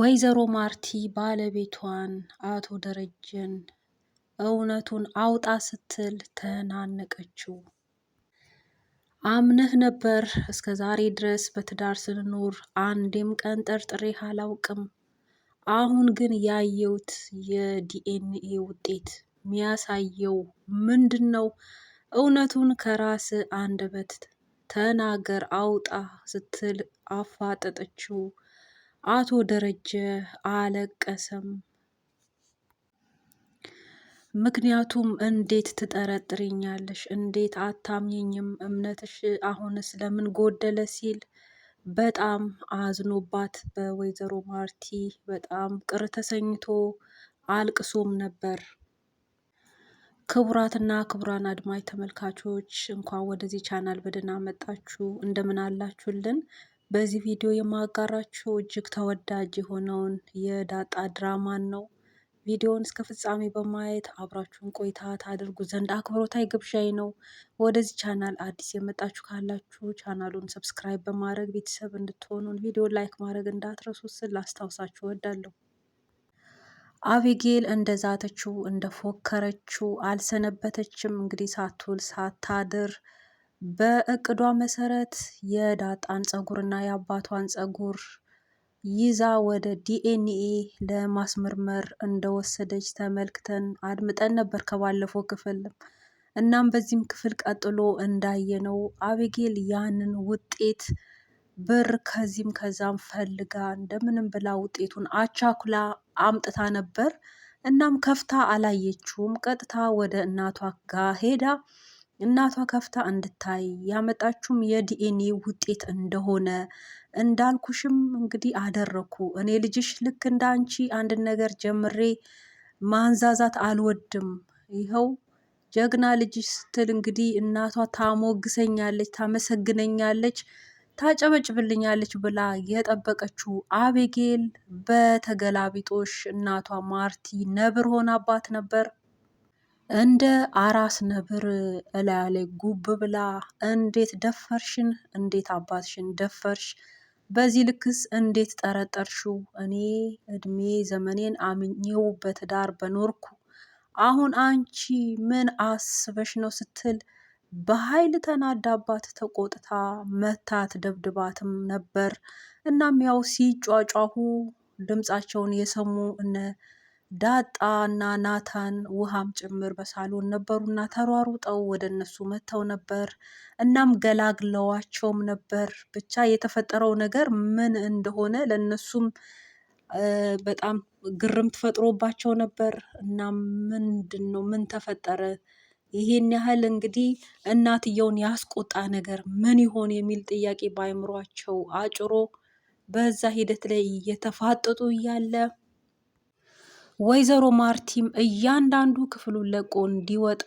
ወይዘሮ ማርቲ ባለቤቷን አቶ ደረጀን እውነቱን አውጣ ስትል ተናነቀችው። አምነህ ነበር እስከ ዛሬ ድረስ በትዳር ስንኖር አንዴም ቀን ጠርጥሬህ አላውቅም። አሁን ግን ያየሁት የዲኤንኤ ውጤት የሚያሳየው ምንድን ነው? እውነቱን ከራስ አንደበት ተናገር አውጣ ስትል አፋጠጠችው። አቶ ደረጀ አለቀሰም። ምክንያቱም እንዴት ትጠረጥርኛለሽ? እንዴት አታምኝም? እምነትሽ አሁንስ ለምን ጎደለ? ሲል በጣም አዝኖባት በወይዘሮ ማርቲ በጣም ቅር ተሰኝቶ አልቅሶም ነበር። ክቡራትና ክቡራን አድማጭ ተመልካቾች እንኳን ወደዚህ ቻናል በደህና መጣችሁ። እንደምን አላችሁልን? በዚህ ቪዲዮ የማጋራችሁ እጅግ ተወዳጅ የሆነውን የዳጣ ድራማን ነው። ቪዲዮውን እስከ ፍጻሜ በማየት አብራችሁን ቆይታ ታደርጉ ዘንድ አክብሮታዊ ግብዣይ ነው። ወደዚህ ቻናል አዲስ የመጣችሁ ካላችሁ ቻናሉን ሰብስክራይብ በማድረግ ቤተሰብ እንድትሆኑን ቪዲዮ ላይክ ማድረግ እንዳትረሱ ስል ላስታውሳችሁ እወዳለሁ። አቢጌል እንደ ዛተችው እንደ ፎከረችው አልሰነበተችም። እንግዲህ ሳትውል ሳታድር በእቅዷ መሰረት የዳጣን ፀጉርና የአባቷን ፀጉር ይዛ ወደ ዲኤንኤ ለማስመርመር እንደወሰደች ተመልክተን አድምጠን ነበር ከባለፈው ክፍል። እናም በዚህም ክፍል ቀጥሎ እንዳየነው አቤጌል ያንን ውጤት ብር ከዚህም ከዛም ፈልጋ እንደምንም ብላ ውጤቱን አቻኩላ አምጥታ ነበር። እናም ከፍታ አላየችውም። ቀጥታ ወደ እናቷ ጋር ሄዳ እናቷ ከፍታ እንድታይ ያመጣችውም የዲኤንኤ ውጤት እንደሆነ እንዳልኩሽም እንግዲህ አደረኩ። እኔ ልጅሽ ልክ እንደ አንቺ አንድ ነገር ጀምሬ ማንዛዛት አልወድም። ይኸው ጀግና ልጅሽ ስትል እንግዲህ እናቷ ታሞግሰኛለች፣ ታመሰግነኛለች፣ ታጨበጭብልኛለች ብላ የጠበቀችው አቤጌል በተገላቢጦሽ እናቷ ማርቲ ነብር ሆናባት ነበር። እንደ አራስ ነብር እላያ ላይ ጉብ ብላ እንዴት ደፈርሽን? እንዴት አባትሽን ደፈርሽ? በዚህ ልክስ እንዴት ጠረጠርሽው? እኔ እድሜ ዘመኔን አምኜው በትዳር በኖርኩ አሁን አንቺ ምን አስበሽ ነው ስትል በኃይል ተናዳባት ተቆጥታ መታት ደብድባትም ነበር። እናም ያው ሲጯጯሁ ድምፃቸውን የሰሙ እነ ዳጣ እና ናታን ውሃም ጭምር በሳሎን ነበሩና ተሯሩጠው ወደ እነሱ መጥተው ነበር። እናም ገላግለዋቸውም ነበር። ብቻ የተፈጠረው ነገር ምን እንደሆነ ለእነሱም በጣም ግርም ትፈጥሮባቸው ነበር። እናም ምንድን ነው ምን ተፈጠረ? ይሄን ያህል እንግዲህ እናትየውን ያስቆጣ ነገር ምን ይሆን የሚል ጥያቄ ባይምሯቸው አጭሮ በዛ ሂደት ላይ እየተፋጠጡ እያለ ወይዘሮ ማርቲም እያንዳንዱ ክፍሉን ለቆ እንዲወጣ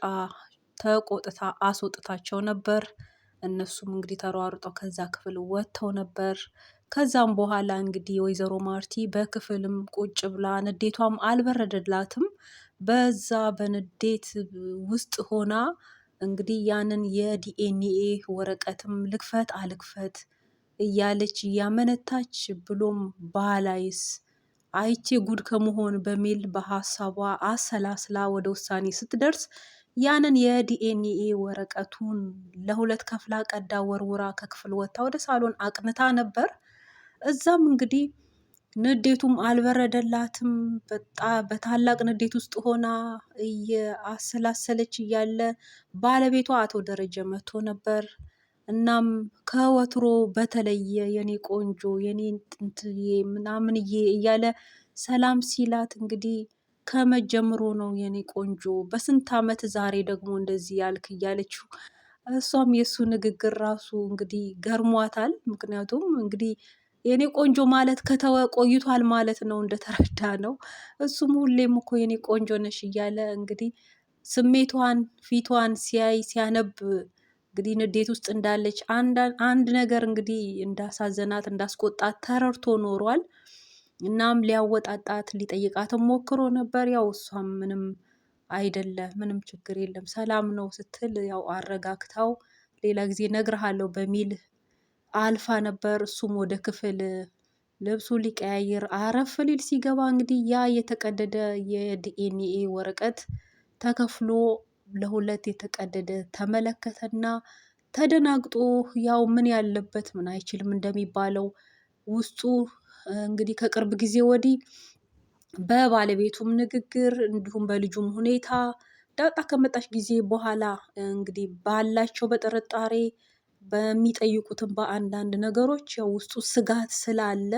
ተቆጥታ አስወጥታቸው ነበር። እነሱም እንግዲህ ተሯሩጠው ከዛ ክፍል ወጥተው ነበር። ከዛም በኋላ እንግዲህ ወይዘሮ ማርቲ በክፍልም ቁጭ ብላ ንዴቷም አልበረደላትም። በዛ በንዴት ውስጥ ሆና እንግዲህ ያንን የዲኤንኤ ወረቀትም ልክፈት አልክፈት እያለች እያመነታች ብሎም ባህላይስ አይቼ ጉድ ከመሆን በሚል በሀሳቧ አሰላስላ ወደ ውሳኔ ስትደርስ ያንን የዲኤንኤ ወረቀቱን ለሁለት ከፍላ ቀዳ ወርውራ ከክፍል ወጥታ ወደ ሳሎን አቅንታ ነበር። እዛም እንግዲህ ንዴቱም አልበረደላትም። በታላቅ ንዴት ውስጥ ሆና እየአሰላሰለች እያለ ባለቤቷ አቶ ደረጀ መጥቶ ነበር። እናም ከወትሮ በተለየ የኔ ቆንጆ የኔ ጥንትዬ ምናምንዬ እያለ ሰላም ሲላት እንግዲህ ከመጀምሮ ነው የኔ ቆንጆ በስንት ዓመት ዛሬ ደግሞ እንደዚህ ያልክ እያለችው እሷም የእሱ ንግግር ራሱ እንግዲህ ገርሟታል። ምክንያቱም እንግዲህ የኔ ቆንጆ ማለት ከተወ ቆይቷል ማለት ነው እንደተረዳ ነው። እሱም ሁሌም እኮ የኔ ቆንጆ ነሽ እያለ እንግዲህ ስሜቷን ፊቷን ሲያይ ሲያነብ እንግዲህ ንዴት ውስጥ እንዳለች አንድ ነገር እንግዲህ እንዳሳዘናት እንዳስቆጣት ተረድቶ ኖሯል። እናም ሊያወጣጣት ሊጠይቃትም ሞክሮ ነበር። ያው እሷም ምንም አይደለም ምንም ችግር የለም ሰላም ነው ስትል ያው አረጋግታው ሌላ ጊዜ ነግርሃለሁ በሚል አልፋ ነበር። እሱም ወደ ክፍል ልብሱ ሊቀያይር አረፍ ሊል ሲገባ እንግዲህ ያ የተቀደደ የዲኤንኤ ወረቀት ተከፍሎ ለሁለት የተቀደደ ተመለከተና ተደናግጦ ያው ምን ያለበት ምን አይችልም እንደሚባለው ውስጡ እንግዲህ ከቅርብ ጊዜ ወዲህ በባለቤቱም ንግግር እንዲሁም በልጁም ሁኔታ ዳጣ ከመጣች ጊዜ በኋላ እንግዲህ ባላቸው በጥርጣሬ በሚጠይቁትም በአንዳንድ ነገሮች ያው ውስጡ ስጋት ስላለ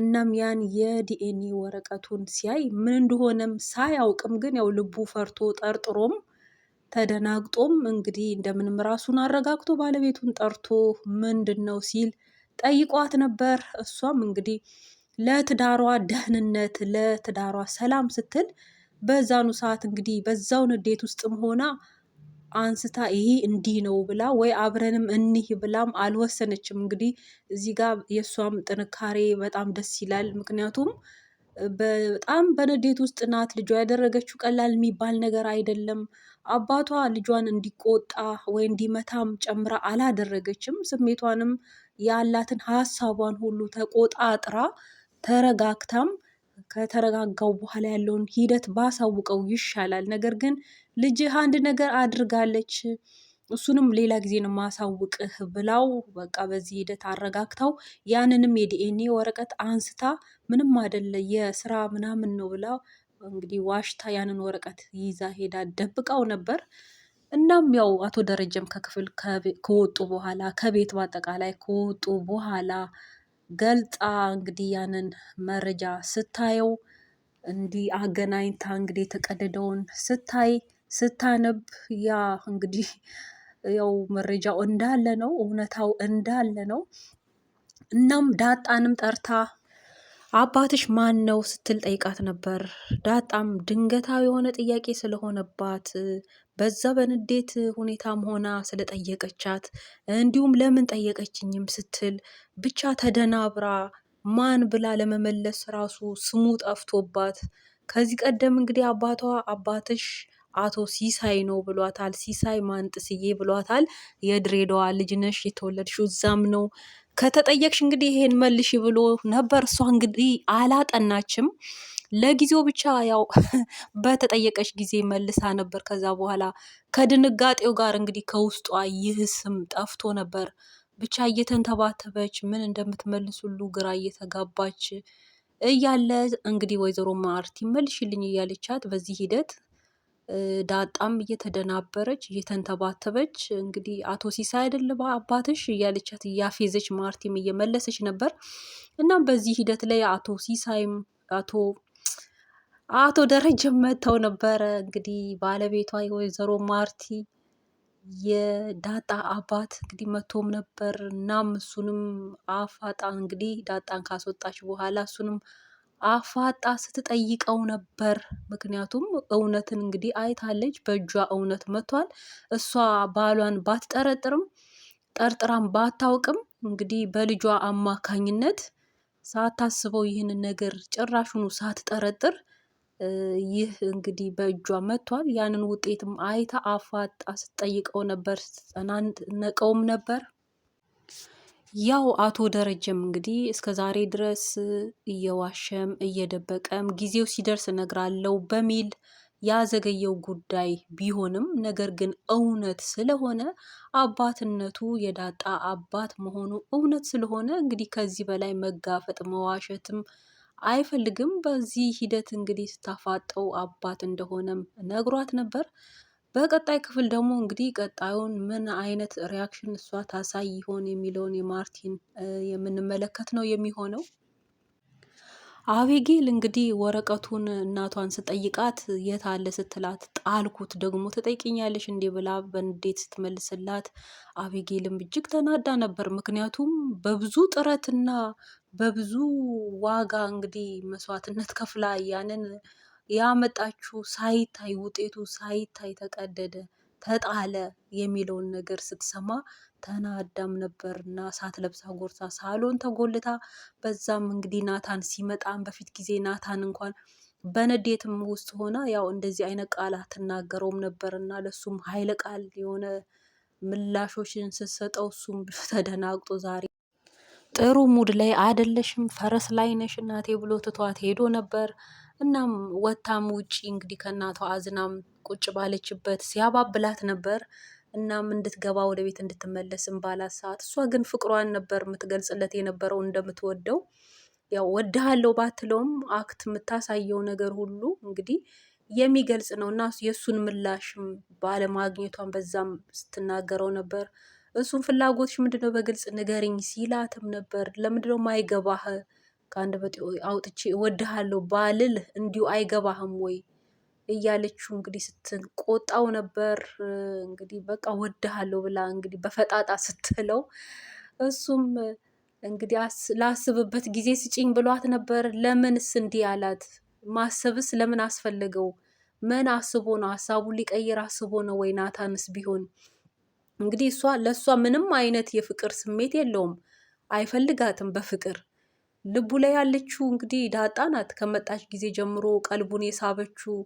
እናም ያን የዲኤንኤ ወረቀቱን ሲያይ ምን እንደሆነም ሳያውቅም ግን ያው ልቡ ፈርቶ ጠርጥሮም ተደናግጦም እንግዲህ እንደምንም ራሱን አረጋግቶ ባለቤቱን ጠርቶ ምንድን ነው ሲል ጠይቋት ነበር። እሷም እንግዲህ ለትዳሯ ደህንነት ለትዳሯ ሰላም ስትል በዛኑ ሰዓት እንግዲህ በዛው ንዴት ውስጥም ሆና አንስታ ይሄ እንዲህ ነው ብላ ወይ አብረንም እኒህ ብላም አልወሰነችም። እንግዲህ እዚህ ጋር የእሷም ጥንካሬ በጣም ደስ ይላል። ምክንያቱም በጣም በንዴት ውስጥ ናት። ልጇ ያደረገችው ቀላል የሚባል ነገር አይደለም። አባቷ ልጇን እንዲቆጣ ወይ እንዲመታም ጨምራ አላደረገችም። ስሜቷንም ያላትን ሀሳቧን ሁሉ ተቆጣጥራ ተረጋግታም ከተረጋጋው በኋላ ያለውን ሂደት ባሳውቀው ይሻላል። ነገር ግን ልጅህ አንድ ነገር አድርጋለች እሱንም ሌላ ጊዜ ነው ማሳውቅህ ብላው በቃ በዚህ ሂደት አረጋግተው ያንንም የዲኤንኤ ወረቀት አንስታ ምንም አይደለ የስራ ምናምን ነው ብላ እንግዲህ ዋሽታ ያንን ወረቀት ይዛ ሄዳ ደብቀው ነበር። እናም ያው አቶ ደረጀም ከክፍል ከወጡ በኋላ ከቤት በአጠቃላይ ከወጡ በኋላ ገልጣ እንግዲህ ያንን መረጃ ስታየው እንዲህ አገናኝታ እንግዲህ የተቀደደውን ስታይ ስታነብ ያ እንግዲህ ያው መረጃው እንዳለ ነው፣ እውነታው እንዳለ ነው። እናም ዳጣንም ጠርታ አባትሽ ማን ነው ስትል ጠይቃት ነበር። ዳጣም ድንገታዊ የሆነ ጥያቄ ስለሆነባት በዛ በንዴት ሁኔታም ሆና ስለጠየቀቻት እንዲሁም ለምን ጠየቀችኝም ስትል ብቻ ተደናብራ ማን ብላ ለመመለስ ራሱ ስሙ ጠፍቶባት ከዚህ ቀደም እንግዲህ አባቷ አባትሽ አቶ ሲሳይ ነው ብሏታል። ሲሳይ ማንጥስዬ ብሏታል። የድሬዳዋ ልጅ ነሽ የተወለድሽው እዛም ነው ከተጠየቅሽ እንግዲህ ይሄን መልሽ ብሎ ነበር። እሷ እንግዲህ አላጠናችም ለጊዜው ብቻ ያው በተጠየቀች ጊዜ መልሳ ነበር። ከዛ በኋላ ከድንጋጤው ጋር እንግዲህ ከውስጧ ይህ ስም ጠፍቶ ነበር። ብቻ እየተንተባተበች ምን እንደምትመልስ ሁሉ ግራ እየተጋባች እያለ እንግዲህ ወይዘሮ ማርቲ መልሽልኝ እያለቻት በዚህ ሂደት ዳጣም እየተደናበረች እየተንተባተበች እንግዲህ አቶ ሲሳይ አይደል አባትሽ እያለቻት እያፌዘች ማርቲም እየመለሰች ነበር። እናም በዚህ ሂደት ላይ አቶ ሲሳይም አቶ አቶ ደረጀ መጥተው ነበረ። እንግዲህ ባለቤቷ የወይዘሮ ማርቲ የዳጣ አባት እንግዲህ መቶም ነበር። እናም እሱንም አፋጣን እንግዲህ ዳጣን ካስወጣች በኋላ እሱንም አፋጣ ስትጠይቀው ነበር። ምክንያቱም እውነትን እንግዲህ አይታለች፣ በእጇ እውነት መቷል። እሷ ባሏን ባትጠረጥርም ጠርጥራም ባታውቅም እንግዲህ በልጇ አማካኝነት ሳታስበው ይህንን ነገር ጭራሹኑ ሳትጠረጥር ይህ እንግዲህ በእጇ መጥቷል። ያንን ውጤትም አይታ አፋጣ ስትጠይቀው ነበር፣ ስትጠናነቀውም ነበር። ያው አቶ ደረጀም እንግዲህ እስከ ዛሬ ድረስ እየዋሸም እየደበቀም ጊዜው ሲደርስ እነግራለሁ በሚል ያዘገየው ጉዳይ ቢሆንም ነገር ግን እውነት ስለሆነ አባትነቱ የዳጣ አባት መሆኑ እውነት ስለሆነ እንግዲህ ከዚህ በላይ መጋፈጥ መዋሸትም አይፈልግም። በዚህ ሂደት እንግዲህ ስታፋጠው አባት እንደሆነም ነግሯት ነበር። በቀጣይ ክፍል ደግሞ እንግዲህ ቀጣዩን ምን አይነት ሪያክሽን እሷ ታሳይ ይሆን የሚለውን የማርቲን የምንመለከት ነው የሚሆነው። አቤጌል እንግዲህ ወረቀቱን እናቷን ስጠይቃት የት አለ ስትላት ጣልኩት፣ ደግሞ ትጠይቅኛለሽ እንዴ ብላ በንዴት ስትመልስላት አቤጌልም እጅግ ተናዳ ነበር። ምክንያቱም በብዙ ጥረትና በብዙ ዋጋ እንግዲህ መስዋዕትነት ከፍላ ያንን ያመጣችሁ ሳይታይ ውጤቱ ሳይታይ ተቀደደ፣ ተጣለ የሚለውን ነገር ስትሰማ ተናዳም ነበርና ለብሳ ጎርሳ ሳሎን ተጎልታ በዛም እንግዲህ ናታን ሲመጣም በፊት ጊዜ ናታን እንኳን በንዴትም ውስጥ ሆና ያው እንደዚህ አይነት ቃል አትናገረውም እና ለሱም ኃይለ ቃል የሆነ ምላሾችን ስትሰጠው እሱም ተደናግጦ ዛሬ ጥሩ ሙድ ላይ አደለሽም፣ ፈረስ ላይ ነሽ እናቴ ብሎ ትቷት ሄዶ ነበር። እናም ወታም ውጪ እንግዲህ ከእናቷ አዝናም ቁጭ ባለችበት ሲያባብላት ነበር። እናም እንድትገባ ወደ ቤት እንድትመለስም ባላት ሰዓት እሷ ግን ፍቅሯን ነበር የምትገልጽለት የነበረው እንደምትወደው ያው ወድሃለው ባትለውም አክት የምታሳየው ነገር ሁሉ እንግዲህ የሚገልጽ ነው እና የእሱን ምላሽም ባለማግኘቷን በዛም ስትናገረው ነበር። እሱን ፍላጎትሽ ምንድነው በግልጽ ንገርኝ ሲላትም ነበር። ለምንድነው ማይገባህ ከአንደበቴ አውጥቼ እወድሃለሁ ባልል እንዲሁ አይገባህም ወይ እያለችው እንግዲህ ስትቆጣው ነበር። እንግዲህ በቃ እወድሃለሁ ብላ እንግዲህ በፈጣጣ ስትለው እሱም እንግዲህ ላስብበት ጊዜ ስጪኝ ብሏት ነበር። ለምንስ እንዲህ አላት? ማሰብስ ለምን አስፈለገው? ምን አስቦ ነው? ሀሳቡን ሊቀይር አስቦ ነው ወይ? ናታንስ ቢሆን እንግዲህ እሷ ለእሷ ምንም አይነት የፍቅር ስሜት የለውም፣ አይፈልጋትም በፍቅር ልቡ ላይ ያለችው እንግዲህ ዳጣ ናት። ከመጣች ጊዜ ጀምሮ ቀልቡን የሳበችው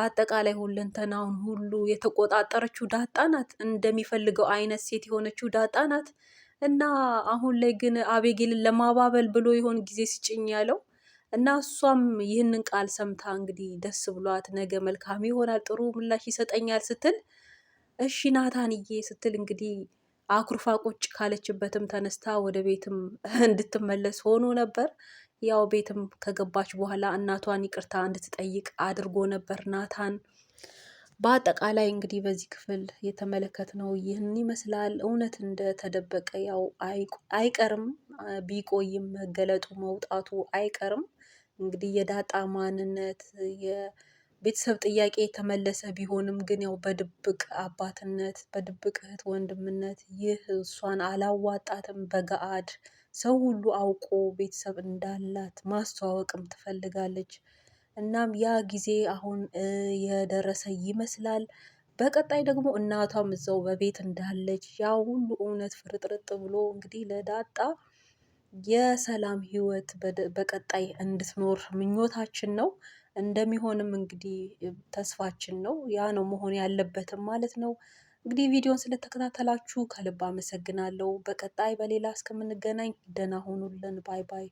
አጠቃላይ ሁለንተናውን ሁሉ የተቆጣጠረችው ዳጣ ናት። እንደሚፈልገው አይነት ሴት የሆነችው ዳጣ ናት። እና አሁን ላይ ግን አቤጌልን ለማባበል ብሎ ይሆን ጊዜ ስጭኝ ያለው እና እሷም ይህንን ቃል ሰምታ እንግዲህ ደስ ብሏት ነገ መልካም ይሆናል ጥሩ ምላሽ ይሰጠኛል ስትል እሺ ናታንዬ ስትል እንግዲህ አኩርፋ ቁጭ ካለችበትም ተነስታ ወደ ቤትም እንድትመለስ ሆኖ ነበር። ያው ቤትም ከገባች በኋላ እናቷን ይቅርታ እንድትጠይቅ አድርጎ ነበር ናታን። በአጠቃላይ እንግዲህ በዚህ ክፍል የተመለከትነው ይህን ይመስላል። እውነት እንደተደበቀ ያው አይቀርም፣ ቢቆይም መገለጡ መውጣቱ አይቀርም። እንግዲህ የዳጣ ማንነት ቤተሰብ ጥያቄ የተመለሰ ቢሆንም ግን ያው በድብቅ አባትነት በድብቅ እህት ወንድምነት ይህ እሷን አላዋጣትም። በገአድ ሰው ሁሉ አውቆ ቤተሰብ እንዳላት ማስተዋወቅም ትፈልጋለች። እናም ያ ጊዜ አሁን የደረሰ ይመስላል። በቀጣይ ደግሞ እናቷም እዛው በቤት እንዳለች ያ ሁሉ እውነት ፍርጥርጥ ብሎ እንግዲህ ለዳጣ የሰላም ህይወት በቀጣይ እንድትኖር ምኞታችን ነው። እንደሚሆንም እንግዲህ ተስፋችን ነው። ያ ነው መሆን ያለበትም ማለት ነው። እንግዲህ ቪዲዮን ስለተከታተላችሁ ከልብ አመሰግናለሁ። በቀጣይ በሌላ እስከምንገናኝ ደህና ሆኑልን። ባይ ባይ።